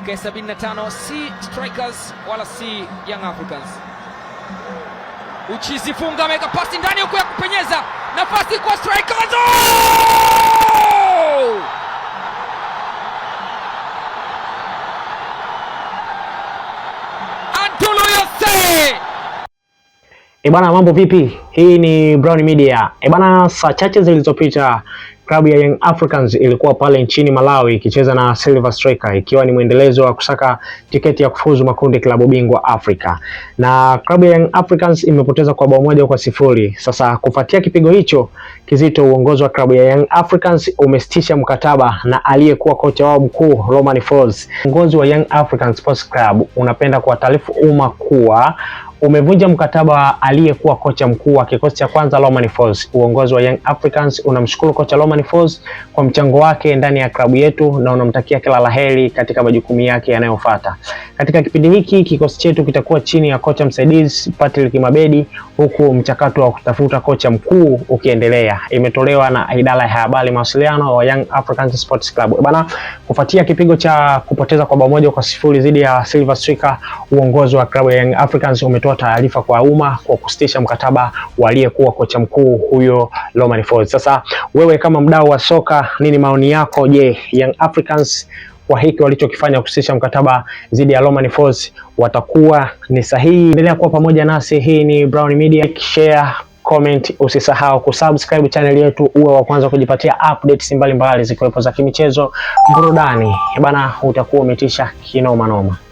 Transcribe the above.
dakika ya 75, si strikers wala si Young Africans. Uchizi funga, ameweka pasi ndani huko ya kupenyeza, nafasi kwa strikers. Oh! Ebana, eh mambo vipi? Hii ni Brown Media. Ebana, eh saa chache zilizopita Klabu ya Young Africans ilikuwa pale nchini Malawi ikicheza na Silver Striker, ikiwa ni mwendelezo wa kusaka tiketi ya kufuzu makundi klabu bingwa Afrika, na klabu ya Young Africans imepoteza kwa bao moja kwa sifuri. Sasa kufuatia kipigo hicho, Kizito, uongozi wa klabu ya Young Africans umesitisha mkataba na aliyekuwa kocha wao mkuu Romain Folz. Uongozi wa Young African Sports Club unapenda kuwataarifu umma kuwa umevunja mkataba aliyekuwa kocha mkuu wa kikosi cha kwanza Romain Folz. Uongozi wa Young Africans unamshukuru kocha Romain Folz kwa mchango wake ndani ya klabu yetu na unamtakia kila laheri katika majukumu yake yanayofuata. Katika kipindi hiki kikosi chetu kitakuwa chini ya kocha msaidizi Patrick Mabedi, huku mchakato wa kutafuta kocha mkuu ukiendelea imetolewa na idara ya habari mawasiliano wa Young Africans Sports Club. Bana, kufuatia kipigo cha kupoteza kwa bao moja kwa sifuri dhidi ya Silver Strikers, uongozi wa klabu ya Young Africans umetoa taarifa kwa umma kwa kusitisha mkataba wa aliyekuwa kocha mkuu huyo Romain Folz. Sasa wewe kama mdau wa soka, nini maoni yako? Je, Young Africans kwa hiki walichokifanya kusitisha mkataba dhidi ya Romain Folz watakuwa ni sahihi? Endelea kuwa pamoja nasi. Hii ni Brown Media, share comment, usisahau kusubscribe channel yetu uwe wa kwanza kujipatia updates mbalimbali zikiwepo za kimichezo, burudani. Bana, utakuwa umetisha kinoma noma.